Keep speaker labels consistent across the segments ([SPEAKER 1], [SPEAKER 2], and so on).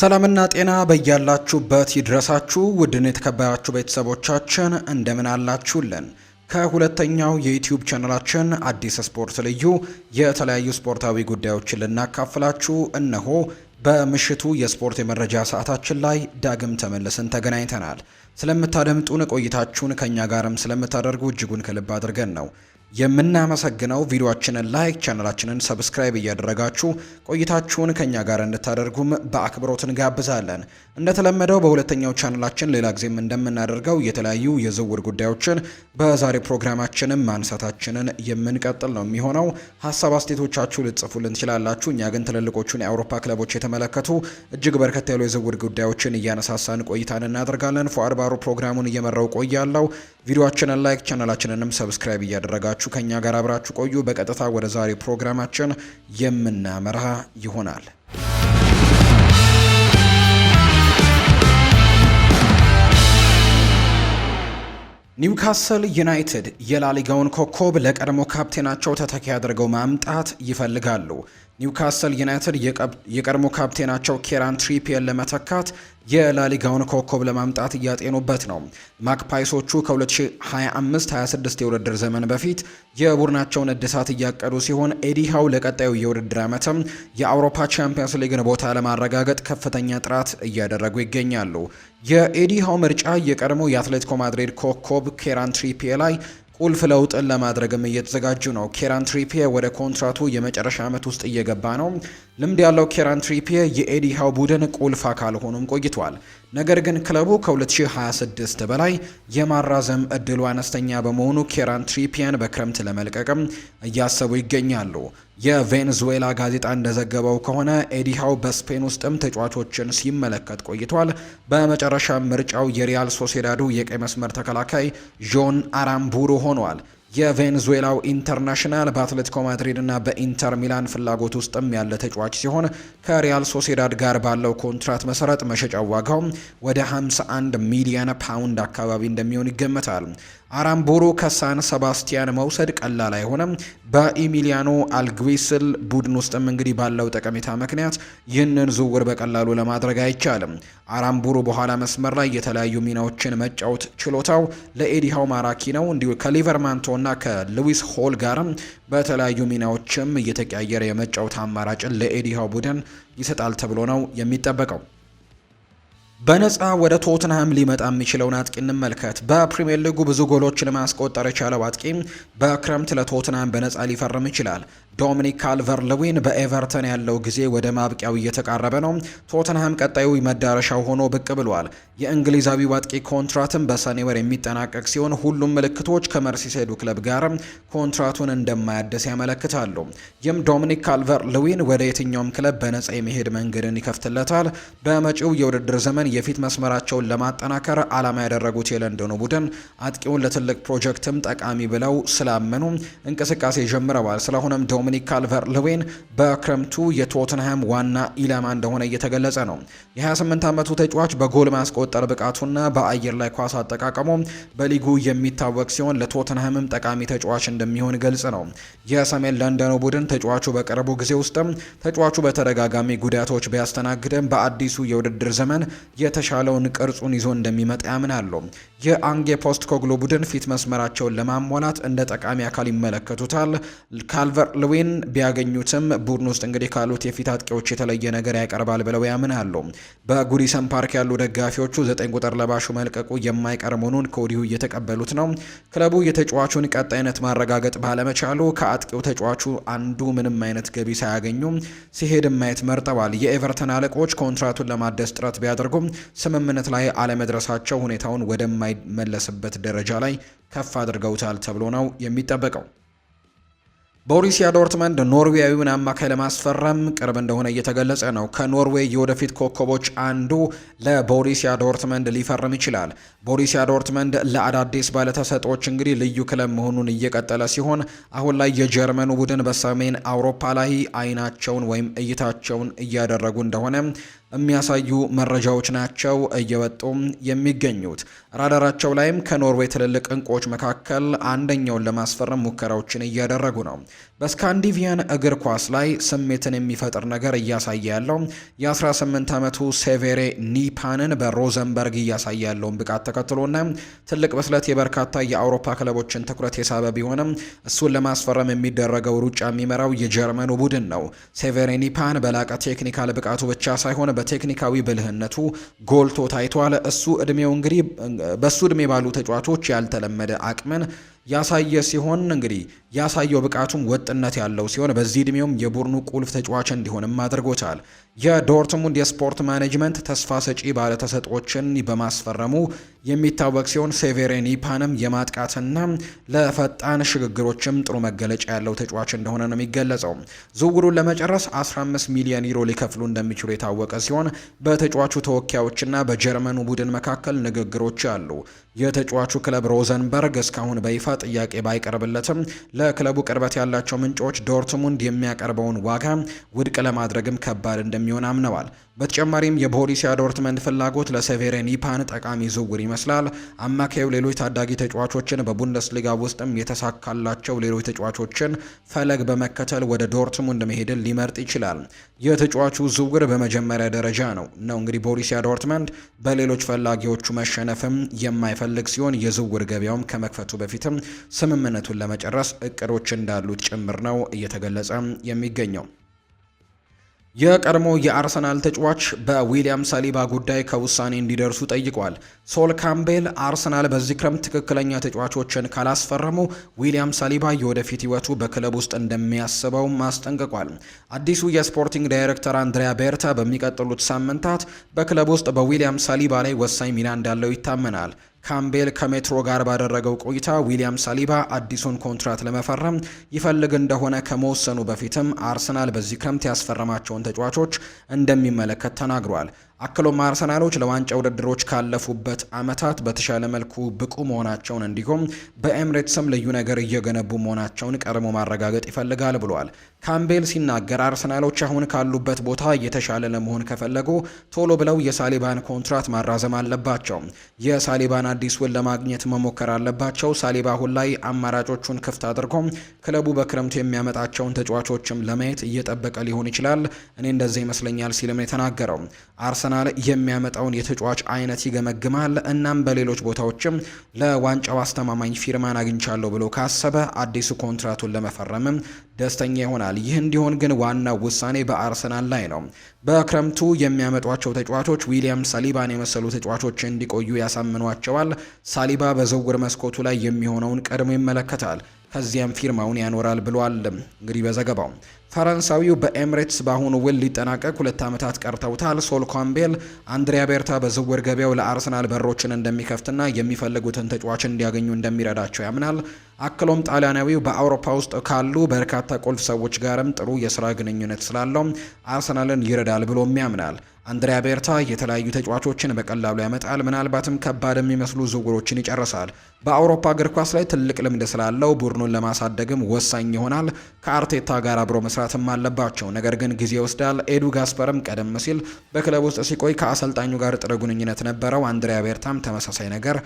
[SPEAKER 1] ሰላምና ጤና በያላችሁበት ይድረሳችሁ። ውድን የተከበራችሁ ቤተሰቦቻችን እንደምን አላችሁልን? ከሁለተኛው የዩትዩብ ቻነላችን አዲስ ስፖርት ልዩ የተለያዩ ስፖርታዊ ጉዳዮችን ልናካፍላችሁ እነሆ በምሽቱ የስፖርት የመረጃ ሰዓታችን ላይ ዳግም ተመልሰን ተገናኝተናል። ስለምታደምጡን ቆይታችሁን ከእኛ ጋርም ስለምታደርጉ እጅጉን ከልብ አድርገን ነው የምናመሰግነው ቪዲዮአችንን ላይክ ቻናላችንን ሰብስክራይብ እያደረጋችሁ ቆይታችሁን ከኛ ጋር እንድታደርጉም በአክብሮት እንጋብዛለን። እንደተለመደው በሁለተኛው ቻናላችን ሌላ ጊዜም እንደምናደርገው የተለያዩ የዝውውር ጉዳዮችን በዛሬ ፕሮግራማችንም ማንሳታችንን የምንቀጥል ነው የሚሆነው። ሀሳብ አስቴቶቻችሁ ልጽፉልን ትችላላችሁ። እኛ ግን ትልልቆቹን የአውሮፓ ክለቦች የተመለከቱ እጅግ በርከት ያሉ የዝውውር ጉዳዮችን እያነሳሳን ቆይታን እናደርጋለን። ፎአድ ፕሮግራሙን እየመራው ቆያለው። ቪዲዮአችንን ላይክ ቻናላችንንም ሰብስክራይብ እያደረጋችሁ እያደረጋችሁ ከኛ ጋር አብራችሁ ቆዩ። በቀጥታ ወደ ዛሬ ፕሮግራማችን የምናመራ ይሆናል። ኒውካስል ዩናይትድ የላሊጋውን ኮከብ ለቀድሞ ካፕቴናቸው ተተኪ አድርገው ማምጣት ይፈልጋሉ። ኒውካስል ዩናይትድ የቀድሞ ካፕቴናቸው ኬራን ትሪፒየር ለመተካት የላሊጋውን ኮከብ ለማምጣት እያጤኑበት ነው። ማክፓይሶቹ ከ2025/26 የውድድር ዘመን በፊት የቡድናቸውን እድሳት እያቀዱ ሲሆን ኤዲሃው ለቀጣዩ የውድድር ዓመትም የአውሮፓ ቻምፒየንስ ሊግን ቦታ ለማረጋገጥ ከፍተኛ ጥራት እያደረጉ ይገኛሉ። የኤዲሃው ምርጫ የቀድሞ የአትሌቲኮ ማድሪድ ኮከብ ኬራን ላይ ቁልፍ ለውጥን ለማድረግም እየተዘጋጁ ነው። ኬራን ትሪፒ ወደ ኮንትራቱ የመጨረሻ ዓመት ውስጥ እየገባ ነው። ልምድ ያለው ኬራን ትሪፒ ሃው ቡድን ቁልፍ አካል ሆኖም ቆይቷል። ነገር ግን ክለቡ ከ2026 በላይ የማራዘም እድሉ አነስተኛ በመሆኑ ኬራን ትሪፒያን በክረምት ለመልቀቅም እያሰቡ ይገኛሉ። የቬንዙዌላ ጋዜጣ እንደዘገበው ከሆነ ኤዲሃው በስፔን ውስጥም ተጫዋቾችን ሲመለከት ቆይቷል። በመጨረሻ ምርጫው የሪያል ሶሴዳዱ የቀይ መስመር ተከላካይ ዦን አራምቡሩ ሆኗል። የቬንዙዌላው ኢንተርናሽናል በአትሌቲኮ ማድሪድ እና በኢንተር ሚላን ፍላጎት ውስጥም ያለ ተጫዋች ሲሆን ከሪያል ሶሴዳድ ጋር ባለው ኮንትራት መሰረት መሸጫ ዋጋው ወደ 51 ሚሊዮን ፓውንድ አካባቢ እንደሚሆን ይገመታል። አራምቦሮ ከሳን ሰባስቲያን መውሰድ ቀላል አይሆነም። በኢሚሊያኖ አልግዌስል ቡድን ውስጥም እንግዲህ ባለው ጠቀሜታ ምክንያት ይህንን ዝውውር በቀላሉ ለማድረግ አይቻልም። አራምቦሮ በኋላ መስመር ላይ የተለያዩ ሚናዎችን መጫወት ችሎታው ለኤዲሃው ማራኪ ነው። እንዲሁ ከሊቨርማንቶ እና ከሉዊስ ሆል ጋርም በተለያዩ ሚናዎችም እየተቀያየረ የመጫወት አማራጭን ለኤዲሃው ቡድን ይሰጣል ተብሎ ነው የሚጠበቀው። በነፃ ወደ ቶትንሃም ሊመጣ የሚችለውን አጥቂ እንመልከት። በፕሪምየር ሊጉ ብዙ ጎሎችን ማስቆጠር የቻለው አጥቂ በክረምት ለቶትንሃም በነፃ ሊፈርም ይችላል። ዶሚኒክ ካልቨር ልዊን በኤቨርተን ያለው ጊዜ ወደ ማብቂያው እየተቃረበ ነው። ቶተንሃም ቀጣዩ መዳረሻው ሆኖ ብቅ ብሏል። የእንግሊዛዊ አጥቂ ኮንትራትም በሰኔ ወር የሚጠናቀቅ ሲሆን ሁሉም ምልክቶች ከመርሲሴዱ ክለብ ጋር ኮንትራቱን እንደማያደስ ያመለክታሉ። ይህም ዶሚኒክ ካልቨር ልዊን ወደ የትኛውም ክለብ በነጻ የመሄድ መንገድን ይከፍትለታል። በመጪው የውድድር ዘመን የፊት መስመራቸውን ለማጠናከር ዓላማ ያደረጉት የለንደኑ ቡድን አጥቂውን ለትልቅ ፕሮጀክትም ጠቃሚ ብለው ስላመኑ እንቅስቃሴ ጀምረዋል። ስለሆነም ዶሚኒክ ካልቨር ልዌን በክረምቱ የቶትንሃም ዋና ኢላማ እንደሆነ እየተገለጸ ነው። የ28 ዓመቱ ተጫዋች በጎል ማስቆጠር ብቃቱና በአየር ላይ ኳስ አጠቃቀሙ በሊጉ የሚታወቅ ሲሆን ለቶትንሃምም ጠቃሚ ተጫዋች እንደሚሆን ግልጽ ነው። የሰሜን ለንደኑ ቡድን ተጫዋቹ በቅርቡ ጊዜ ውስጥም ተጫዋቹ በተደጋጋሚ ጉዳቶች ቢያስተናግድም በአዲሱ የውድድር ዘመን የተሻለውን ቅርጹን ይዞ እንደሚመጣ ያምናሉ። የአንጌ ፖስት ኮግሎ ቡድን ፊት መስመራቸውን ለማሟላት እንደ ጠቃሚ አካል ይመለከቱታል። ካልቨር ልዊ ፔድሪን ቢያገኙትም ቡድን ውስጥ እንግዲህ ካሉት የፊት አጥቂዎች የተለየ ነገር ያቀርባል ብለው ያምናሉ። በጉዲሰን ፓርክ ያሉ ደጋፊዎቹ ዘጠኝ ቁጥር ለባሹ መልቀቁ የማይቀር መሆኑን ከወዲሁ እየተቀበሉት ነው። ክለቡ የተጫዋቹን ቀጣይነት ማረጋገጥ ባለመቻሉ ከአጥቂው ተጫዋቹ አንዱ ምንም አይነት ገቢ ሳያገኙ ሲሄድ ማየት መርጠዋል። የኤቨርተን አለቆች ኮንትራቱን ለማደስ ጥረት ቢያደርጉም ስምምነት ላይ አለመድረሳቸው ሁኔታውን ወደማይመለስበት ደረጃ ላይ ከፍ አድርገውታል ተብሎ ነው የሚጠበቀው። ቦሩሲያ ዶርትመንድ ኖርዌያዊውን አማካይ ለማስፈረም ቅርብ እንደሆነ እየተገለጸ ነው። ከኖርዌይ የወደፊት ኮከቦች አንዱ ለቦሩሲያ ዶርትመንድ ሊፈርም ይችላል። ቦሩሲያ ዶርትመንድ ለአዳዲስ ባለተሰጦች እንግዲህ ልዩ ክለብ መሆኑን እየቀጠለ ሲሆን አሁን ላይ የጀርመኑ ቡድን በሰሜን አውሮፓ ላይ አይናቸውን ወይም እይታቸውን እያደረጉ እንደሆነ የሚያሳዩ መረጃዎች ናቸው እየወጡ የሚገኙት። ራዳራቸው ላይም ከኖርዌይ ትልልቅ እንቁዎች መካከል አንደኛውን ለማስፈረም ሙከራዎችን እያደረጉ ነው። በስካንዲቪያን እግር ኳስ ላይ ስሜትን የሚፈጥር ነገር እያሳየ ያለው የ18 ዓመቱ ሴቬሬ ኒፓንን በሮዘንበርግ እያሳየ ያለውን ብቃት ተከትሎና ትልቅ ብስለት የበርካታ የአውሮፓ ክለቦችን ትኩረት የሳበ ቢሆንም እሱን ለማስፈረም የሚደረገው ሩጫ የሚመራው የጀርመኑ ቡድን ነው። ሴቬሬ ኒፓን በላቀ ቴክኒካል ብቃቱ ብቻ ሳይሆን በቴክኒካዊ ብልህነቱ ጎልቶ ታይቷል። እሱ እድሜው እንግዲህ በእሱ እድሜ ባሉ ተጫዋቾች ያልተለመደ አቅምን ያሳየ ሲሆን እንግዲህ ያሳየው ብቃቱም ወጥነት ያለው ሲሆን በዚህ እድሜውም የቡድኑ ቁልፍ ተጫዋች እንዲሆንም አድርጎታል። የዶርትሙንድ የስፖርት ማኔጅመንት ተስፋ ሰጪ ባለተሰጦችን በማስፈረሙ የሚታወቅ ሲሆን ሴቬሬኒ ፓንም የማጥቃትና ለፈጣን ሽግግሮችም ጥሩ መገለጫ ያለው ተጫዋች እንደሆነ ነው የሚገለጸው። ዝውውሩን ለመጨረስ 15 ሚሊዮን ዩሮ ሊከፍሉ እንደሚችሉ የታወቀ ሲሆን በተጫዋቹ ተወካዮችና በጀርመኑ ቡድን መካከል ንግግሮች አሉ። የተጫዋቹ ክለብ ሮዘንበርግ እስካሁን በይፋ ጥያቄ ባይቀርብለትም ለክለቡ ቅርበት ያላቸው ምንጮች ዶርትሙንድ የሚያቀርበውን ዋጋ ውድቅ ለማድረግም ከባድ እንደሚ እንደሚሆን አምነዋል። በተጨማሪም የቦሩሲያ ዶርትመንድ ፍላጎት ለሴቬሬን ይፓን ጠቃሚ ዝውውር ይመስላል። አማካዩ ሌሎች ታዳጊ ተጫዋቾችን በቡንደስሊጋ ውስጥም የተሳካላቸው ሌሎች ተጫዋቾችን ፈለግ በመከተል ወደ ዶርትሙንድ መሄድን ሊመርጥ ይችላል። የተጫዋቹ ዝውውር በመጀመሪያ ደረጃ ነው ነው እንግዲህ ቦሩሲያ ዶርትመንድ በሌሎች ፈላጊዎቹ መሸነፍም የማይፈልግ ሲሆን የዝውውር ገበያውም ከመክፈቱ በፊትም ስምምነቱን ለመጨረስ እቅዶች እንዳሉት ጭምር ነው እየተገለጸ የሚገኘው። የቀድሞ የአርሰናል ተጫዋች በዊሊያም ሳሊባ ጉዳይ ከውሳኔ እንዲደርሱ ጠይቋል። ሶል ካምቤል አርሰናል በዚህ ክረምት ትክክለኛ ተጫዋቾችን ካላስፈረሙ ዊሊያም ሳሊባ የወደፊት ሕይወቱ በክለብ ውስጥ እንደሚያስበውም አስጠንቅቋል። አዲሱ የስፖርቲንግ ዳይሬክተር አንድሪያ ቤርታ በሚቀጥሉት ሳምንታት በክለብ ውስጥ በዊሊያም ሳሊባ ላይ ወሳኝ ሚና እንዳለው ይታመናል። ካምቤል ከሜትሮ ጋር ባደረገው ቆይታ ዊሊያም ሳሊባ አዲሱን ኮንትራት ለመፈረም ይፈልግ እንደሆነ ከመወሰኑ በፊትም አርሰናል በዚህ ክረምት ያስፈረማቸውን ተጫዋቾች እንደሚመለከት ተናግሯል። አክሎም አርሰናሎች ለዋንጫ ውድድሮች ካለፉበት ዓመታት በተሻለ መልኩ ብቁ መሆናቸውን እንዲሁም በኤምሬትስም ልዩ ነገር እየገነቡ መሆናቸውን ቀድሞ ማረጋገጥ ይፈልጋል ብሏል። ካምቤል ሲናገር አርሰናሎች አሁን ካሉበት ቦታ እየተሻለ ለመሆን ከፈለጉ ቶሎ ብለው የሳሊባን ኮንትራት ማራዘም አለባቸው። የሳሊባን ውል ለማግኘት መሞከር አለባቸው። ሳሊባ አሁን ላይ አማራጮቹን ክፍት አድርጎ ክለቡ በክረምቱ የሚያመጣቸውን ተጫዋቾችም ለማየት እየጠበቀ ሊሆን ይችላል። እኔ እንደዚህ ይመስለኛል ሲልም የተናገረው። አርሰናል የሚያመጣውን የተጫዋች አይነት ይገመግማል። እናም በሌሎች ቦታዎችም ለዋንጫው አስተማማኝ ፊርማን አግኝቻለሁ ብሎ ካሰበ አዲሱ ኮንትራቱን ለመፈረምም ደስተኛ ይሆናል። ይህ እንዲሆን ግን ዋናው ውሳኔ በአርሰናል ላይ ነው። በክረምቱ የሚያመጧቸው ተጫዋቾች ዊሊያም ሳሊባን የመሰሉ ተጫዋቾች እንዲቆዩ ያሳምኗቸዋል። ሳሊባ በዝውውር መስኮቱ ላይ የሚሆነውን ቀድሞ ይመለከታል። ከዚያም ፊርማውን ያኖራል ብሏል እንግዲህ በዘገባው ፈረንሳዊው በኤምሬትስ በአሁኑ ውል ሊጠናቀቅ ሁለት ዓመታት ቀርተውታል። ሶል ኮምቤል አንድሪያ ቤርታ በዝውውር ገበያው ለአርሰናል በሮችን እንደሚከፍትና የሚፈልጉትን ተጫዋች እንዲያገኙ እንደሚረዳቸው ያምናል። አክሎም ጣሊያናዊው በአውሮፓ ውስጥ ካሉ በርካታ ቁልፍ ሰዎች ጋርም ጥሩ የስራ ግንኙነት ስላለው አርሰናልን ይረዳል ብሎም ያምናል። አንድሪያ ቤርታ የተለያዩ ተጫዋቾችን በቀላሉ ያመጣል፣ ምናልባትም ከባድ የሚመስሉ ዝውውሮችን ይጨርሳል። በአውሮፓ እግር ኳስ ላይ ትልቅ ልምድ ስላለው ቡድኑን ለማሳደግም ወሳኝ ይሆናል። ከአርቴታ ጋር አብሮ መስራትም አለባቸው፣ ነገር ግን ጊዜ ይወስዳል። ኤዱ ጋስፐርም ቀደም ሲል በክለብ ውስጥ ሲቆይ ከአሰልጣኙ ጋር ጥሩ ግንኙነት ነበረው። አንድሪያ ቤርታም ተመሳሳይ ነገር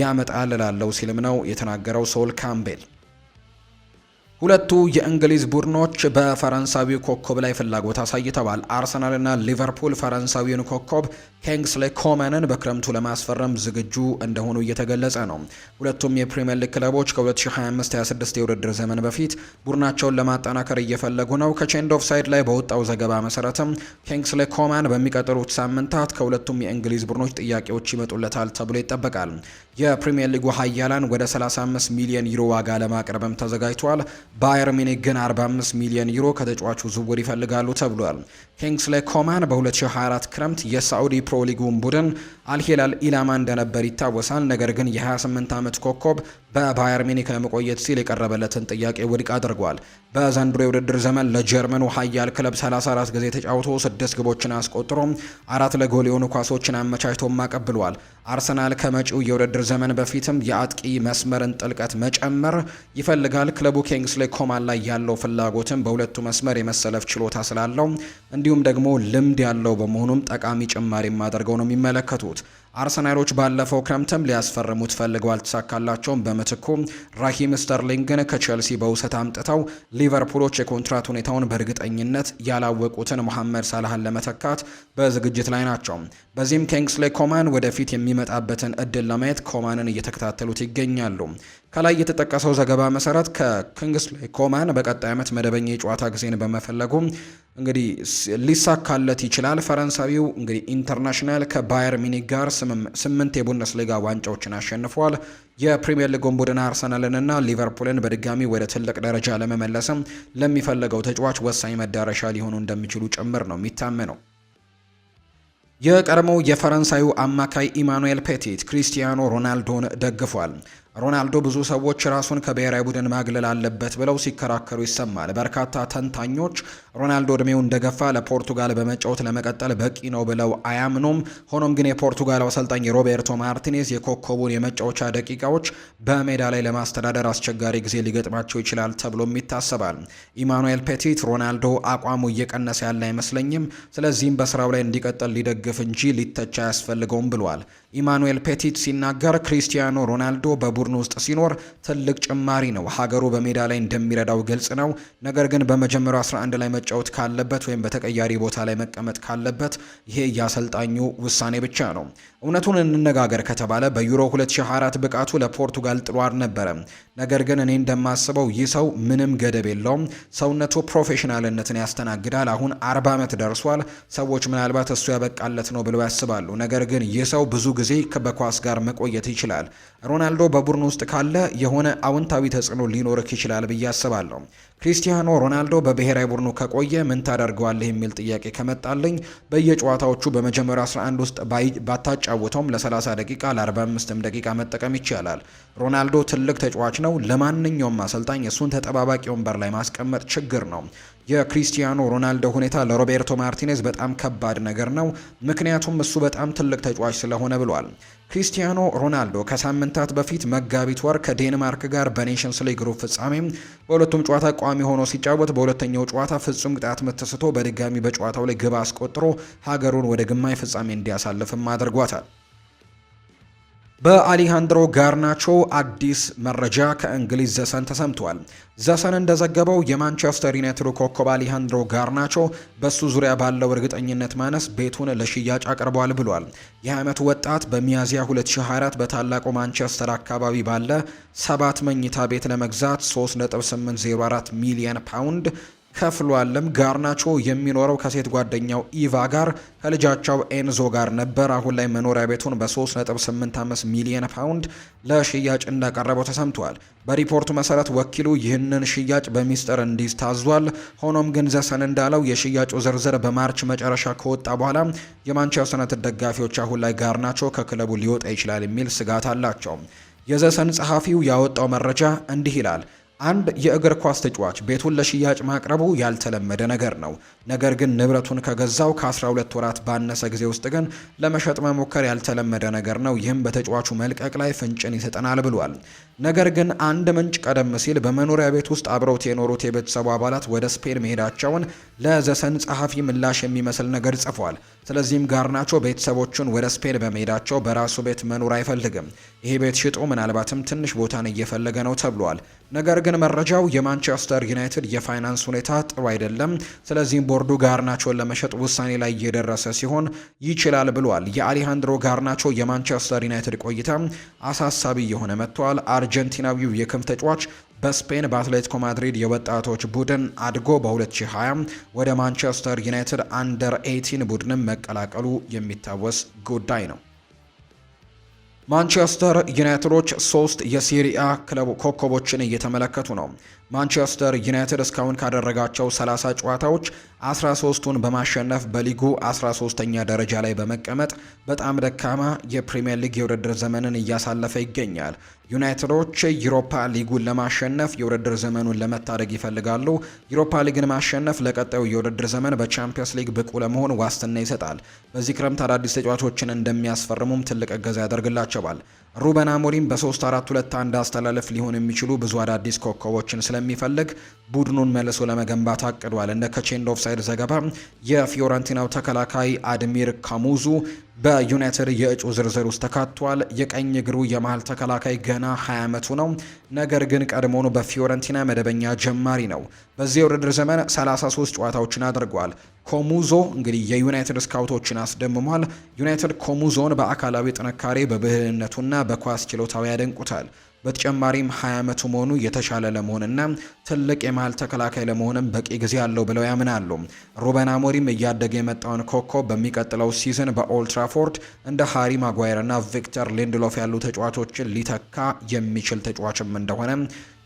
[SPEAKER 1] ያመጣል እላለው ሲልም ነው የተናገረው ሶል ver. ሁለቱ የእንግሊዝ ቡድኖች በፈረንሳዊ ኮከብ ላይ ፍላጎት አሳይተዋል። አርሰናልና ሊቨርፑል ፈረንሳዊውን ኮከብ ኪንግስሌ ኮመንን በክረምቱ ለማስፈረም ዝግጁ እንደሆኑ እየተገለጸ ነው። ሁለቱም የፕሪምየር ሊግ ክለቦች ከ2025/26 የውድድር ዘመን በፊት ቡድናቸውን ለማጠናከር እየፈለጉ ነው። ከቼንድ ኦፍ ሳይድ ላይ በወጣው ዘገባ መሰረትም ኪንግስሌ ኮማን በሚቀጥሉት ሳምንታት ከሁለቱም የእንግሊዝ ቡድኖች ጥያቄዎች ይመጡለታል ተብሎ ይጠበቃል። የፕሪምየር ሊጉ ኃያላን ወደ 35 ሚሊዮን ዩሮ ዋጋ ለማቅረብም ተዘጋጅቷል። ባየር ሚኒክ ግን 45 ሚሊዮን ዩሮ ከተጫዋቹ ዝውውር ይፈልጋሉ ተብሏል። ኪንግስሌ ኮማን በ2024 ክረምት የሳዑዲ ፕሮሊጉን ቡድን አልሂላል ኢላማ እንደነበር ይታወሳል። ነገር ግን የ28 ዓመት ኮከብ በባየር ሚኒክ ለመቆየት ሲል የቀረበለትን ጥያቄ ውድቅ አድርጓል። በዘንድሮ የውድድር ዘመን ለጀርመኑ ኃያል ክለብ 34 ጊዜ ተጫውቶ ስድስት ግቦችን አስቆጥሮ አራት ለጎል የሆኑ ኳሶችን አመቻችቶም አቀብሏል። አርሰናል ከመጪው የውድድር ዘመን በፊትም የአጥቂ መስመርን ጥልቀት መጨመር ይፈልጋል። ክለቡ ኪንግስሌ ኮማን ላይ ያለው ፍላጎትም በሁለቱ መስመር የመሰለፍ ችሎታ ስላለው እንዲሁም ደግሞ ልምድ ያለው በመሆኑም ጠቃሚ ጭማሪ ማደርገው ነው የሚመለከቱት። አርሰናሎች ባለፈው ክረምትም ሊያስፈርሙት ፈልገው አልተሳካላቸውም። በምትኩ ራሂም ስተርሊንግን ከቼልሲ በውሰት አምጥተው ሊቨርፑሎች የኮንትራት ሁኔታውን በእርግጠኝነት ያላወቁትን መሐመድ ሳላህን ለመተካት በዝግጅት ላይ ናቸው። በዚህም ኪንግስሌ ኮማን ወደፊት የሚመጣበትን እድል ለማየት ኮማንን እየተከታተሉት ይገኛሉ። ከላይ የተጠቀሰው ዘገባ መሰረት ከኪንግስሌይ ኮማን በቀጣይ ዓመት መደበኛ የጨዋታ ጊዜን በመፈለጉ እንግዲህ ሊሳካለት ይችላል። ፈረንሳዊው እንግዲህ ኢንተርናሽናል ከባየር ሚኒክ ጋር ስምንት የቡንደስ ሊጋ ዋንጫዎችን አሸንፏል። የፕሪምየር ሊጉን ቡድን አርሰናልንና ሊቨርፑልን በድጋሚ ወደ ትልቅ ደረጃ ለመመለስም ለሚፈለገው ተጫዋች ወሳኝ መዳረሻ ሊሆኑ እንደሚችሉ ጭምር ነው የሚታመነው። የቀድሞው የፈረንሳዩ አማካይ ኢማኑኤል ፔቲት ክሪስቲያኖ ሮናልዶን ደግፏል። ሮናልዶ ብዙ ሰዎች ራሱን ከብሔራዊ ቡድን ማግለል አለበት ብለው ሲከራከሩ ይሰማል። በርካታ ተንታኞች ሮናልዶ እድሜው እንደገፋ ለፖርቱጋል በመጫወት ለመቀጠል በቂ ነው ብለው አያምኑም። ሆኖም ግን የፖርቱጋል አሰልጣኝ ሮቤርቶ ማርቲኔዝ የኮከቡን የመጫወቻ ደቂቃዎች በሜዳ ላይ ለማስተዳደር አስቸጋሪ ጊዜ ሊገጥማቸው ይችላል ተብሎም ይታሰባል። ኢማኑኤል ፔቲት ሮናልዶ አቋሙ እየቀነሰ ያለ አይመስለኝም፣ ስለዚህም በስራው ላይ እንዲቀጥል ሊደግፍ እንጂ ሊተቻ አያስፈልገውም ብሏል። ኢማኑኤል ፔቲት ሲናገር ክሪስቲያኖ ሮናልዶ በቡድን ውስጥ ሲኖር ትልቅ ጭማሪ ነው። ሀገሩ በሜዳ ላይ እንደሚረዳው ግልጽ ነው። ነገር ግን በመጀመሪያው 11 ላይ መጫወት ካለበት ወይም በተቀያሪ ቦታ ላይ መቀመጥ ካለበት ይሄ የአሰልጣኙ ውሳኔ ብቻ ነው። እውነቱን እንነጋገር ከተባለ በዩሮ 2024 ብቃቱ ለፖርቱጋል ጥሩ አልነበረም። ነገር ግን እኔ እንደማስበው ይህ ሰው ምንም ገደብ የለውም። ሰውነቱ ፕሮፌሽናልነትን ያስተናግዳል። አሁን 40 ዓመት ደርሷል። ሰዎች ምናልባት እሱ ያበቃለት ነው ብለው ያስባሉ። ነገር ግን ይህ ሰው ብዙ ጊዜ በኳስ ጋር መቆየት ይችላል። ሮናልዶ በቡድን ውስጥ ካለ የሆነ አውንታዊ ተጽዕኖ ሊኖርክ ይችላል ብዬ አስባለሁ። ክሪስቲያኖ ሮናልዶ በብሔራዊ ቡድኑ ከቆየ ምን ታደርገዋለህ የሚል ጥያቄ ከመጣልኝ በየጨዋታዎቹ በመጀመሪያ 11 ውስጥ ባታጫውተውም ለ30 ደቂቃ ለ45 ደቂቃ መጠቀም ይቻላል። ሮናልዶ ትልቅ ተጫዋች ነው። ለማንኛውም አሰልጣኝ እሱን ተጠባባቂ ወንበር ላይ ማስቀመጥ ችግር ነው። የክሪስቲያኖ ሮናልዶ ሁኔታ ለሮቤርቶ ማርቲኔዝ በጣም ከባድ ነገር ነው፣ ምክንያቱም እሱ በጣም ትልቅ ተጫዋች ስለሆነ ብሏል። ክሪስቲያኖ ሮናልዶ ከሳምንታት በፊት መጋቢት ወር ከዴንማርክ ጋር በኔሽንስ ሊግ ሩብ ፍጻሜ በሁለቱም ጨዋታ ቋሚ ሆኖ ሲጫወት በሁለተኛው ጨዋታ ፍጹም ቅጣት ምት ስቶ በድጋሚ በጨዋታው ላይ ግብ አስቆጥሮ ሀገሩን ወደ ግማሽ ፍጻሜ እንዲያሳልፍም አድርጓታል። በአሊሃንድሮ ጋርናቾ አዲስ መረጃ ከእንግሊዝ ዘሰን ተሰምቷል። ዘሰን እንደዘገበው የማንቸስተር ዩናይትድ ኮከብ አሊሃንድሮ ጋርናቾ በሱ ዙሪያ ባለው እርግጠኝነት ማነስ ቤቱን ለሽያጭ አቅርቧል ብሏል። ይህ ወጣት በሚያዝያ 2024 በታላቁ ማንቸስተር አካባቢ ባለ ሰባት መኝታ ቤት ለመግዛት 3.804 ሚሊዮን ፓውንድ ከፍሏልም። ጋርናቾ የሚኖረው ከሴት ጓደኛው ኢቫ ጋር ከልጃቸው ኤንዞ ጋር ነበር። አሁን ላይ መኖሪያ ቤቱን በ3.85 ሚሊየን ፓውንድ ለሽያጭ እንዳቀረበው ተሰምቷል። በሪፖርቱ መሰረት ወኪሉ ይህንን ሽያጭ በሚስጥር እንዲይዝ ታዟል። ሆኖም ግን ዘሰን እንዳለው የሽያጩ ዝርዝር በማርች መጨረሻ ከወጣ በኋላ የማንቸስተር ዩናይትድ ደጋፊዎች አሁን ላይ ጋርናቾ ከክለቡ ሊወጣ ይችላል የሚል ስጋት አላቸው። የዘሰን ጸሐፊው ያወጣው መረጃ እንዲህ ይላል። አንድ የእግር ኳስ ተጫዋች ቤቱን ለሽያጭ ማቅረቡ ያልተለመደ ነገር ነው። ነገር ግን ንብረቱን ከገዛው ከ12 ወራት ባነሰ ጊዜ ውስጥ ግን ለመሸጥ መሞከር ያልተለመደ ነገር ነው። ይህም በተጫዋቹ መልቀቅ ላይ ፍንጭን ይሰጠናል ብሏል። ነገር ግን አንድ ምንጭ ቀደም ሲል በመኖሪያ ቤት ውስጥ አብረውት የኖሩት የቤተሰቡ አባላት ወደ ስፔን መሄዳቸውን ለዘሰን ጸሐፊ ምላሽ የሚመስል ነገር ጽፏል። ስለዚህም ጋርናቾ ቤተሰቦቹን ወደ ስፔን በመሄዳቸው በራሱ ቤት መኖር አይፈልግም። ይሄ ቤት ሽጦ ምናልባትም ትንሽ ቦታን እየፈለገ ነው ተብሏል። ነገር ግን መረጃው የማንቸስተር ዩናይትድ የፋይናንስ ሁኔታ ጥሩ አይደለም። ስለዚህም ቦርዱ ጋርናቾን ለመሸጥ ውሳኔ ላይ እየደረሰ ሲሆን ይችላል ብሏል። የአሊሃንድሮ ጋርናቾ የማንቸስተር ዩናይትድ ቆይታ አሳሳቢ እየሆነ መጥቷል። አርጀንቲናዊው የክንፍ ተጫዋች በስፔን በአትሌቲኮ ማድሪድ የወጣቶች ቡድን አድጎ በ2020 ወደ ማንቸስተር ዩናይትድ አንደር 18 ቡድንም መቀላቀሉ የሚታወስ ጉዳይ ነው። ማንቸስተር ዩናይትዶች ሶስት የሲሪያ ክለብ ኮከቦችን እየተመለከቱ ነው። ማንቸስተር ዩናይትድ እስካሁን ካደረጋቸው 30 ጨዋታዎች 13ቱን በማሸነፍ በሊጉ 13ተኛ ደረጃ ላይ በመቀመጥ በጣም ደካማ የፕሪምየር ሊግ የውድድር ዘመንን እያሳለፈ ይገኛል። ዩናይትዶች ዩሮፓ ሊጉን ለማሸነፍ የውድድር ዘመኑን ለመታደግ ይፈልጋሉ። ዩሮፓ ሊግን ማሸነፍ ለቀጣዩ የውድድር ዘመን በቻምፒየንስ ሊግ ብቁ ለመሆን ዋስትና ይሰጣል። በዚህ ክረምት አዳዲስ ተጫዋቾችን እንደሚያስፈርሙም ትልቅ እገዛ ያደርግላቸዋል። ሩበን አሞሪም በ3 4 2 1 አስተላለፍ ሊሆን የሚችሉ ብዙ አዳዲስ ኮከቦችን ስለሚፈልግ ቡድኑን መልሶ ለመገንባት አቅዷል። እንደ ከቼንድ ኦፍሳይድ ዘገባ የፊዮረንቲናው ተከላካይ አድሚር ካሙዙ በዩናይትድ የእጩ ዝርዝር ውስጥ ተካቷል። የቀኝ እግሩ የመሀል ተከላካይ ገና 20 ዓመቱ ነው። ነገር ግን ቀድሞውኑ በፊዮረንቲና መደበኛ ጀማሪ ነው። በዚህ የውድድር ዘመን 33 ጨዋታዎችን አድርጓል። ኮሙዞ እንግዲህ የዩናይትድ ስካውቶችን አስደምሟል። ዩናይትድ ኮሙዞን በአካላዊ ጥንካሬ፣ በብህንነቱና በኳስ ችሎታው ያደንቁታል። በተጨማሪም 20 ዓመቱ መሆኑ የተሻለ ለመሆንና ትልቅ የመሀል ተከላካይ ለመሆንም በቂ ጊዜ አለው ብለው ያምናሉ። ሩበን አሞሪም እያደገ የመጣውን ኮከብ በሚቀጥለው ሲዝን በኦልትራፎርድ እንደ ሃሪ ማጓየርና ቪክተር ሊንድሎፍ ያሉ ተጫዋቾችን ሊተካ የሚችል ተጫዋችም እንደሆነ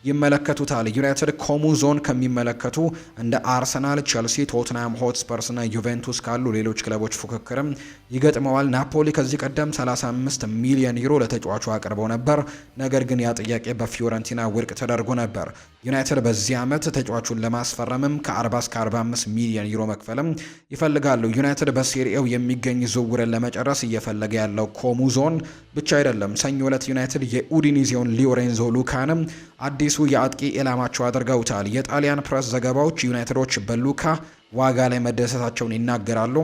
[SPEAKER 1] ይመለከቱታል። ዩናይትድ ኮሙ ዞን ከሚመለከቱ እንደ አርሰናል፣ ቸልሲ፣ ቶትናም ሆትስፐርስና ዩቬንቱስ ካሉ ሌሎች ክለቦች ፉክክርም ይገጥመዋል። ናፖሊ ከዚህ ቀደም 35 ሚሊዮን ዩሮ ለተጫዋቹ አቅርበው ነበር። ነገር ግን ያ ጥያቄ በፊዮረንቲና ውድቅ ተደርጎ ነበር። ዩናይትድ በዚህ ዓመት ተጫዋቹን ለማስፈረምም ከ40 እስከ 45 ሚሊዮን ዩሮ መክፈልም ይፈልጋሉ። ዩናይትድ በሴሪኤው የሚገኝ ዝውውርን ለመጨረስ እየፈለገ ያለው ኮሙ ዞን ብቻ አይደለም። ሰኞ ዕለት ዩናይትድ የኡዲኒዜውን ሊዮሬንዞ ሉካንም አዲስ አዲሱ የአጥቂ ኢላማቸው አድርገውታል። የጣሊያን ፕረስ ዘገባዎች ዩናይትዶች በሉካ ዋጋ ላይ መደሰታቸውን ይናገራሉ።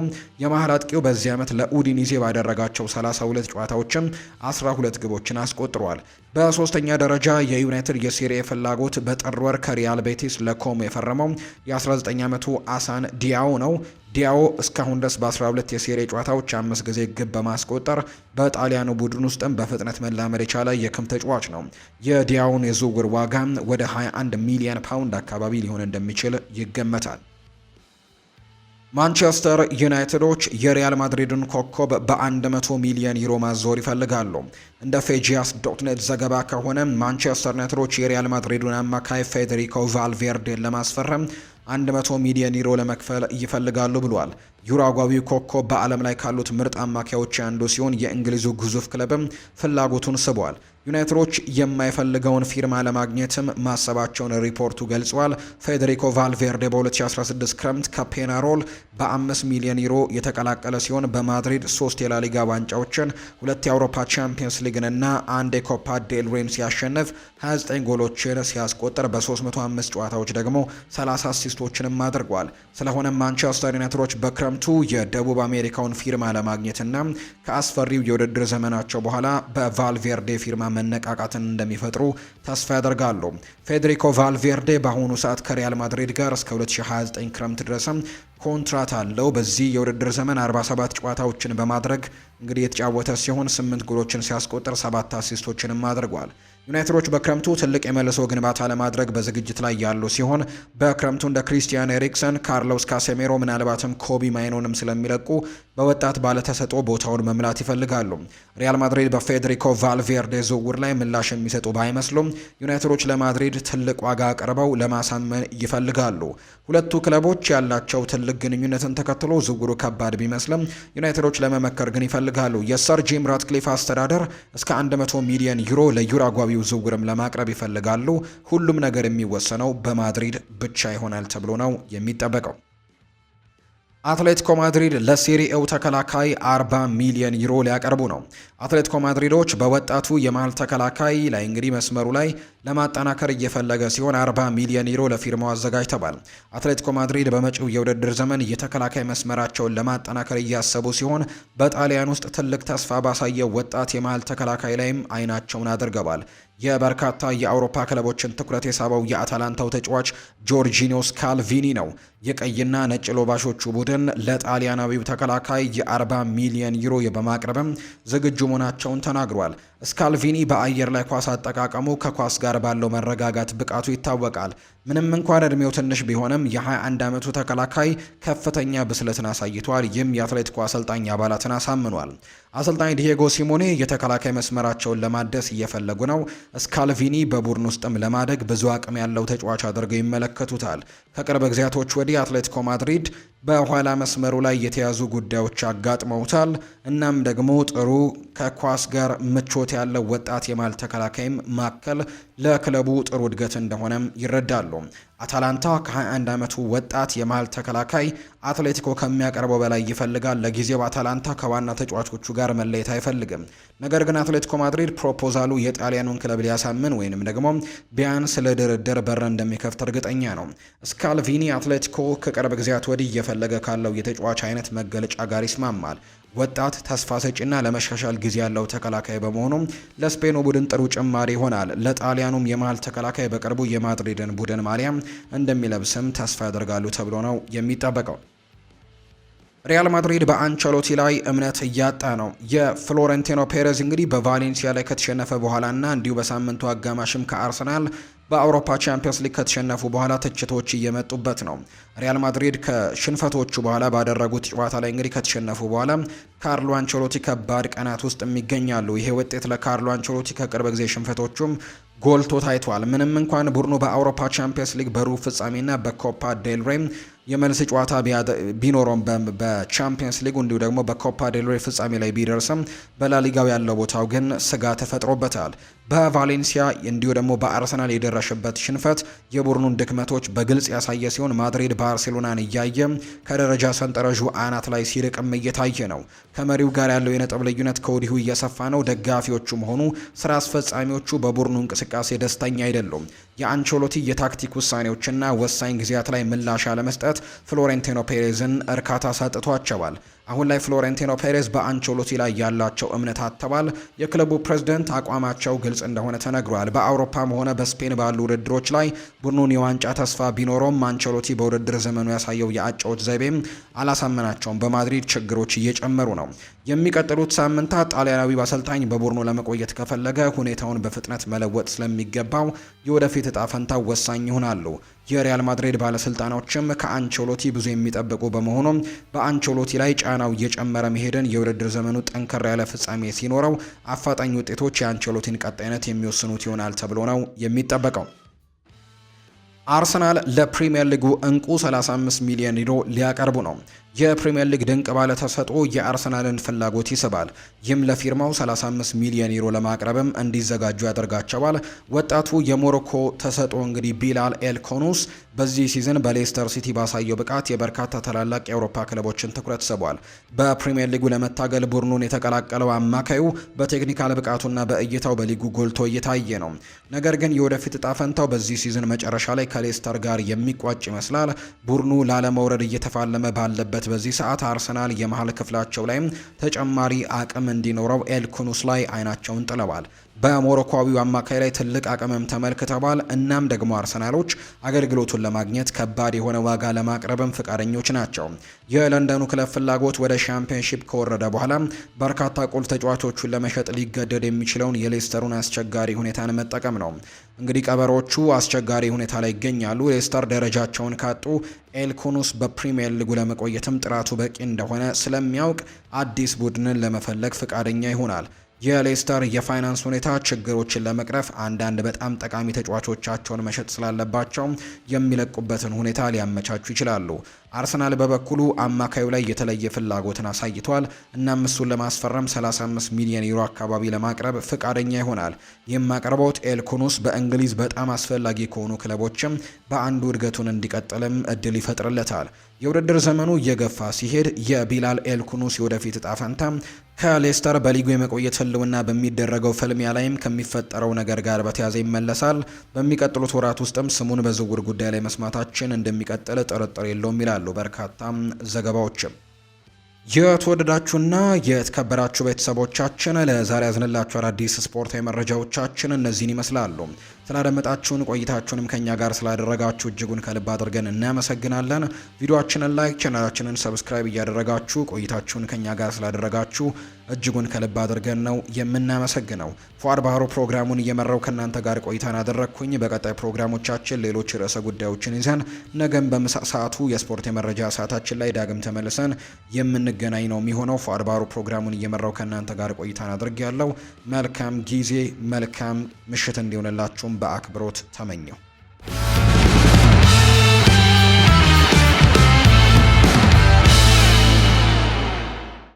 [SPEAKER 1] የመሀል አጥቂው በዚህ ዓመት ለኡዲኒዜ ባደረጋቸው 32 ጨዋታዎችም 12 ግቦችን አስቆጥሯል። በሶስተኛ ደረጃ የዩናይትድ የሴሪኤ ፍላጎት በጥር ወር ከሪያል ቤቲስ ለኮሞ የፈረመው የ19 ዓመቱ አሳን ዲያው ነው። ዲያው እስካሁን ድረስ በ12 የሴሪኤ ጨዋታዎች አምስት ጊዜ ግብ በማስቆጠር በጣሊያኑ ቡድን ውስጥም በፍጥነት መላመድ የቻለ የክም ተጫዋች ነው። የዲያውን የዝውውር ዋጋ ወደ 21 ሚሊዮን ፓውንድ አካባቢ ሊሆን እንደሚችል ይገመታል። ማንቸስተር ዩናይትዶች የሪያል ማድሪድን ኮከብ በ100 ሚሊዮን ዩሮ ማዞር ይፈልጋሉ። እንደ ፌጂያስ ዶትኔት ዘገባ ከሆነ ማንቸስተር ዩናይትዶች የሪያል ማድሪዱን አማካይ ፌዴሪኮ ቫልቬርዴን ለማስፈረም 100 ሚሊዮን ዩሮ ለመክፈል ይፈልጋሉ ብሏል። ዩራጓዊው ኮከብ በዓለም ላይ ካሉት ምርጥ አማካዮች አንዱ ሲሆን የእንግሊዙ ግዙፍ ክለብም ፍላጎቱን ስቧል። ዩናይትዶች የማይፈልገውን ፊርማ ለማግኘትም ማሰባቸውን ሪፖርቱ ገልጿል። ፌዴሪኮ ቫልቬርዴ በ2016 ክረምት ከፔናሮል በ5 ሚሊዮን ዩሮ የተቀላቀለ ሲሆን በማድሪድ ሶስት የላሊጋ ዋንጫዎችን፣ ሁለት የአውሮፓ ቻምፒየንስ ሊግንና አንድ የኮፓ ዴል ሬን ሲያሸንፍ 29 ጎሎችን ሲያስቆጥር በ305 ጨዋታዎች ደግሞ 30 አሲስቶችንም አድርጓል። ስለሆነም ማንቸስተር ዩናይትዶች በክረምቱ የደቡብ አሜሪካውን ፊርማ ለማግኘትና ከአስፈሪው የውድድር ዘመናቸው በኋላ በቫልቬርዴ ፊርማ መነቃቃትን እንደሚፈጥሩ ተስፋ ያደርጋሉ። ፌዴሪኮ ቫልቬርዴ በአሁኑ ሰዓት ከሪያል ማድሪድ ጋር እስከ 2029 ክረምት ድረስም ኮንትራት አለው። በዚህ የውድድር ዘመን 47 ጨዋታዎችን በማድረግ እንግዲህ የተጫወተ ሲሆን ስምንት ጎሎችን ሲያስቆጥር ሰባት አሲስቶችንም አድርጓል። ዩናይትዶች በክረምቱ ትልቅ የመልሶ ግንባታ ለማድረግ በዝግጅት ላይ ያሉ ሲሆን በክረምቱ እንደ ክሪስቲያን ኤሪክሰን፣ ካርሎስ ካሴሜሮ ምናልባትም ኮቢ ማይኖንም ስለሚለቁ በወጣት ባለተሰጥኦ ቦታውን መምላት ይፈልጋሉ። ሪያል ማድሪድ በፌዴሪኮ ቫልቬርዴ ዝውውር ላይ ምላሽ የሚሰጡ ባይመስሉም ዩናይትዶች ለማድሪድ ትልቅ ዋጋ አቅርበው ለማሳመን ይፈልጋሉ። ሁለቱ ክለቦች ያላቸው ትልቅ ግንኙነትን ተከትሎ ዝውውሩ ከባድ ቢመስልም ዩናይትዶች ለመመከር ግን ይፈልጋሉ። የሰር ጂም ራትክሊፍ አስተዳደር እስከ 100 ሚሊዮን ዩሮ ለዩራጓዊ ተጨማሪው ዝውውርም ለማቅረብ ይፈልጋሉ። ሁሉም ነገር የሚወሰነው በማድሪድ ብቻ ይሆናል ተብሎ ነው የሚጠበቀው። አትሌቲኮ ማድሪድ ለሴሪኤው ተከላካይ 40 ሚሊዮን ዩሮ ሊያቀርቡ ነው። አትሌቲኮ ማድሪዶች በወጣቱ የመሀል ተከላካይ ላይ እንግዲህ መስመሩ ላይ ለማጠናከር እየፈለገ ሲሆን 40 ሚሊዮን ዩሮ ለፊርማው አዘጋጅተዋል። አትሌቲኮ ማድሪድ በመጪው የውድድር ዘመን የተከላካይ መስመራቸውን ለማጠናከር እያሰቡ ሲሆን በጣሊያን ውስጥ ትልቅ ተስፋ ባሳየው ወጣት የመሀል ተከላካይ ላይም አይናቸውን አድርገዋል። የበርካታ የአውሮፓ ክለቦችን ትኩረት የሳበው የአታላንታው ተጫዋች ጆርጂኒዮስ ካልቪኒ ነው። የቀይና ነጭ ሎባሾቹ ቡድን ለጣሊያናዊው ተከላካይ የ40 ሚሊዮን ዩሮ በማቅረብም ዝግጁ መሆናቸውን ተናግሯል። ስካልቪኒ በአየር ላይ ኳስ አጠቃቀሙ ከኳስ ጋር ባለው መረጋጋት ብቃቱ ይታወቃል። ምንም እንኳን እድሜው ትንሽ ቢሆንም የ21 ዓመቱ ተከላካይ ከፍተኛ ብስለትን አሳይቷል። ይህም የአትሌቲኮ አሰልጣኝ አባላትን አሳምኗል። አሰልጣኝ ዲየጎ ሲሞኔ የተከላካይ መስመራቸውን ለማደስ እየፈለጉ ነው። ስካልቪኒ በቡድን ውስጥም ለማደግ ብዙ አቅም ያለው ተጫዋች አድርገው ይመለከቱታል። ከቅርብ ጊዜያቶች ወዲህ አትሌቲኮ ማድሪድ በኋላ መስመሩ ላይ የተያዙ ጉዳዮች አጋጥመውታል። እናም ደግሞ ጥሩ ከኳስ ጋር ምቾት ያለው ወጣት የማል ተከላካይም ማከል ለክለቡ ጥሩ እድገት እንደሆነም ይረዳሉ። አታላንታ ከ21 ዓመቱ ወጣት የመሀል ተከላካይ አትሌቲኮ ከሚያቀርበው በላይ ይፈልጋል። ለጊዜው አታላንታ ከዋና ተጫዋቾቹ ጋር መለየት አይፈልግም። ነገር ግን አትሌቲኮ ማድሪድ ፕሮፖዛሉ የጣሊያኑን ክለብ ሊያሳምን ወይንም ደግሞ ቢያንስ ለድርድር በር እንደሚከፍት እርግጠኛ ነው። ስካልቪኒ አትሌቲኮ ከቅርብ ጊዜያት ወዲህ እየፈለገ ካለው የተጫዋች አይነት መገለጫ ጋር ይስማማል። ወጣት ተስፋ ሰጪና ለመሻሻል ጊዜ ያለው ተከላካይ በመሆኑም ለስፔኑ ቡድን ጥሩ ጭማሪ ይሆናል። ለጣሊያኑም የመሃል ተከላካይ በቅርቡ የማድሪድን ቡድን ማሊያ እንደሚለብስም ተስፋ ያደርጋሉ ተብሎ ነው የሚጠበቀው። ሪያል ማድሪድ በአንቸሎቲ ላይ እምነት እያጣ ነው። የፍሎረንቲኖ ፔሬዝ እንግዲህ በቫሌንሲያ ላይ ከተሸነፈ በኋላና እንዲሁ በሳምንቱ አጋማሽም ከአርሰናል በአውሮፓ ቻምፒየንስ ሊግ ከተሸነፉ በኋላ ትችቶች እየመጡበት ነው። ሪያል ማድሪድ ከሽንፈቶቹ በኋላ ባደረጉት ጨዋታ ላይ እንግዲህ ከተሸነፉ በኋላ ካርሎ አንቸሎቲ ከባድ ቀናት ውስጥ የሚገኛሉ። ይሄ ውጤት ለካርሎ አንቸሎቲ ከቅርብ ጊዜ ሽንፈቶቹም ጎልቶ ታይቷል። ምንም እንኳን ቡድኑ በአውሮፓ ቻምፒየንስ ሊግ በሩብ ፍጻሜና በኮፓ ዴልሬም የመልስ ጨዋታ ቢኖረውም በቻምፒየንስ ሊግ እንዲሁ ደግሞ በኮፓ ዴልሬ ፍጻሜ ላይ ቢደርስም በላሊጋው ያለው ቦታው ግን ስጋት ተፈጥሮበታል። በቫሌንሲያ እንዲሁ ደግሞ በአርሰናል የደረሸበት ሽንፈት የቡድኑን ድክመቶች በግልጽ ያሳየ ሲሆን ማድሪድ ባርሴሎናን እያየ ከደረጃ ሰንጠረዡ አናት ላይ ሲርቅም እየታየ ነው። ከመሪው ጋር ያለው የነጥብ ልዩነት ከወዲሁ እየሰፋ ነው። ደጋፊዎቹም ሆኑ ስራ አስፈጻሚዎቹ በቡድኑ እንቅስቃሴ ደስተኛ አይደሉም። የአንቸሎቲ የታክቲክ ውሳኔዎችና ወሳኝ ጊዜያት ላይ ምላሽ አለመስጠት ፍሎሬንቲኖ ፔሬዝን እርካታ ሰጥቷቸዋል አሁን ላይ ፍሎሬንቲኖ ፔሬዝ በአንቸሎቲ ላይ ያላቸው እምነት አጥተዋል። የክለቡ ፕሬዝደንት አቋማቸው ግልጽ እንደሆነ ተነግሯል። በአውሮፓም ሆነ በስፔን ባሉ ውድድሮች ላይ ቡድኑን የዋንጫ ተስፋ ቢኖረውም አንቸሎቲ በውድድር ዘመኑ ያሳየው የአጨዋወት ዘይቤም አላሳመናቸውም። በማድሪድ ችግሮች እየጨመሩ ነው። የሚቀጥሉት ሳምንታት ጣሊያናዊ አሰልጣኝ በቡድኑ ለመቆየት ከፈለገ ሁኔታውን በፍጥነት መለወጥ ስለሚገባው የወደፊት እጣ ፈንታ ወሳኝ ይሆናሉ። የሪያል ማድሪድ ባለስልጣኖችም ከአንቸሎቲ ብዙ የሚጠብቁ በመሆኑም በአንቸሎቲ ላይ ጫ ጫናው እየጨመረ መሄድን የውድድር ዘመኑ ጠንከር ያለ ፍጻሜ ሲኖረው አፋጣኝ ውጤቶች የአንቸሎቲን ቀጣይነት የሚወስኑት ይሆናል ተብሎ ነው የሚጠበቀው። አርሰናል ለፕሪምየር ሊጉ እንቁ 35 ሚሊዮን ዩሮ ሊያቀርቡ ነው። የፕሪምየር ሊግ ድንቅ ባለ ተሰጥኦ የአርሰናልን ፍላጎት ይስባል። ይህም ለፊርማው 35 ሚሊዮን ዩሮ ለማቅረብም እንዲዘጋጁ ያደርጋቸዋል። ወጣቱ የሞሮኮ ተሰጥኦ እንግዲህ ቢላል ኤልኮኑስ በዚህ ሲዝን በሌስተር ሲቲ ባሳየው ብቃት የበርካታ ታላላቅ የአውሮፓ ክለቦችን ትኩረት ስቧል። በፕሪምየር ሊጉ ለመታገል ቡድኑን የተቀላቀለው አማካዩ በቴክኒካል ብቃቱና በእይታው በሊጉ ጎልቶ እየታየ ነው። ነገር ግን የወደፊት እጣ ፈንታው በዚህ ሲዝን መጨረሻ ላይ ከሌስተር ጋር የሚቋጭ ይመስላል። ቡድኑ ላለመውረድ እየተፋለመ ባለበት ባለበት በዚህ ሰዓት አርሰናል የመሀል ክፍላቸው ላይም ተጨማሪ አቅም እንዲኖረው ኤልኩኑስ ላይ አይናቸውን ጥለዋል። በሞሮኮዊ አማካይ ላይ ትልቅ አቅምም ተመልክተዋል። እናም ደግሞ አርሰናሎች አገልግሎቱን ለማግኘት ከባድ የሆነ ዋጋ ለማቅረብም ፈቃደኞች ናቸው። የለንደኑ ክለብ ፍላጎት ወደ ሻምፒዮንሺፕ ከወረደ በኋላ በርካታ ቁልፍ ተጫዋቾቹን ለመሸጥ ሊገደድ የሚችለውን የሌስተሩን አስቸጋሪ ሁኔታን መጠቀም ነው። እንግዲህ ቀበሮቹ አስቸጋሪ ሁኔታ ላይ ይገኛሉ። ሌስተር ደረጃቸውን ካጡ ኤልኮኑስ በፕሪሚየር ሊጉ ለመቆየትም ጥራቱ በቂ እንደሆነ ስለሚያውቅ አዲስ ቡድንን ለመፈለግ ፈቃደኛ ይሆናል። የሌስተር የፋይናንስ ሁኔታ ችግሮችን ለመቅረፍ አንዳንድ በጣም ጠቃሚ ተጫዋቾቻቸውን መሸጥ ስላለባቸው የሚለቁበትን ሁኔታ ሊያመቻቹ ይችላሉ። አርሰናል በበኩሉ አማካዩ ላይ የተለየ ፍላጎትን አሳይቷል። እናም እሱን ለማስፈረም 35 ሚሊዮን ዩሮ አካባቢ ለማቅረብ ፍቃደኛ ይሆናል። ይህም አቅርቦት በእንግሊዝ በጣም አስፈላጊ ከሆኑ ክለቦችም በአንዱ እድገቱን እንዲቀጥልም እድል ይፈጥርለታል። የውድድር ዘመኑ እየገፋ ሲሄድ የቢላል ኤልኩኑስ የወደፊት እጣ ፈንታ ከሌስተር በሊጉ የመቆየት ህልውና በሚደረገው ፍልሚያ ላይም ከሚፈጠረው ነገር ጋር በተያያዘ ይመለሳል። በሚቀጥሉት ወራት ውስጥም ስሙን በዝውውር ጉዳይ ላይ መስማታችን እንደሚቀጥል ጥርጥር የለውም ይላሉ በርካታ ዘገባዎችም። የተወደዳችሁና የተከበራችሁ ቤተሰቦቻችን ለዛሬ ያዝንላችሁ አዳዲስ ስፖርታዊ መረጃዎቻችን እነዚህን ይመስላሉ። ስላደመጣችሁን ቆይታችሁንም ከኛ ጋር ስላደረጋችሁ እጅጉን ከልብ አድርገን እናመሰግናለን። ቪዲዮችንን ላይክ፣ ቻናላችንን ሰብስክራይብ እያደረጋችሁ ቆይታችሁን ከኛ ጋር ስላደረጋችሁ እጅጉን ከልብ አድርገን ነው የምናመሰግነው። ፏር ባህሩ ፕሮግራሙን እየመራው ከእናንተ ጋር ቆይታን አደረግኩኝ። በቀጣይ ፕሮግራሞቻችን ሌሎች ርዕሰ ጉዳዮችን ይዘን ነገም በምሳ ሰዓቱ የስፖርት የመረጃ ሰዓታችን ላይ ዳግም ተመልሰን የምንገናኝ ነው የሚሆነው። ፏድ ባህሩ ፕሮግራሙን እየመራው ከእናንተ ጋር ቆይታን አድርግ ያለው መልካም ጊዜ መልካም ምሽት እንዲሆንላችሁም በአክብሮት ተመኘው።